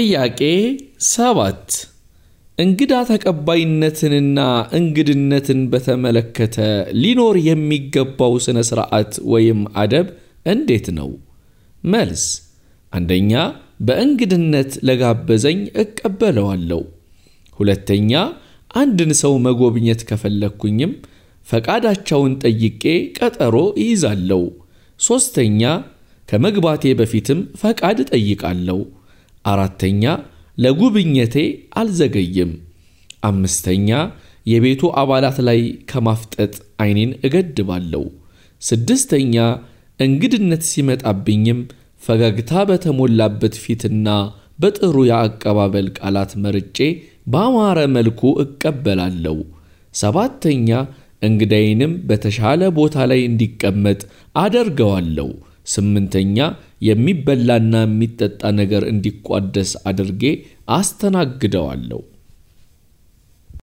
ጥያቄ ሰባት እንግዳ ተቀባይነትንና እንግድነትን በተመለከተ ሊኖር የሚገባው ሥነ ሥርዓት ወይም አደብ እንዴት ነው? መልስ፣ አንደኛ በእንግድነት ለጋበዘኝ እቀበለዋለሁ። ሁለተኛ አንድን ሰው መጎብኘት ከፈለግኩኝም ፈቃዳቸውን ጠይቄ ቀጠሮ ይይዛለሁ። ሦስተኛ ከመግባቴ በፊትም ፈቃድ እጠይቃለሁ። አራተኛ ለጉብኝቴ አልዘገይም። አምስተኛ የቤቱ አባላት ላይ ከማፍጠጥ ዓይኔን እገድባለሁ። ስድስተኛ እንግድነት ሲመጣብኝም ፈገግታ በተሞላበት ፊትና በጥሩ የአቀባበል ቃላት መርጬ በአማረ መልኩ እቀበላለሁ። ሰባተኛ እንግዳይንም በተሻለ ቦታ ላይ እንዲቀመጥ አደርገዋለሁ። ስምንተኛ የሚበላና የሚጠጣ ነገር እንዲቋደስ አድርጌ አስተናግደዋለሁ።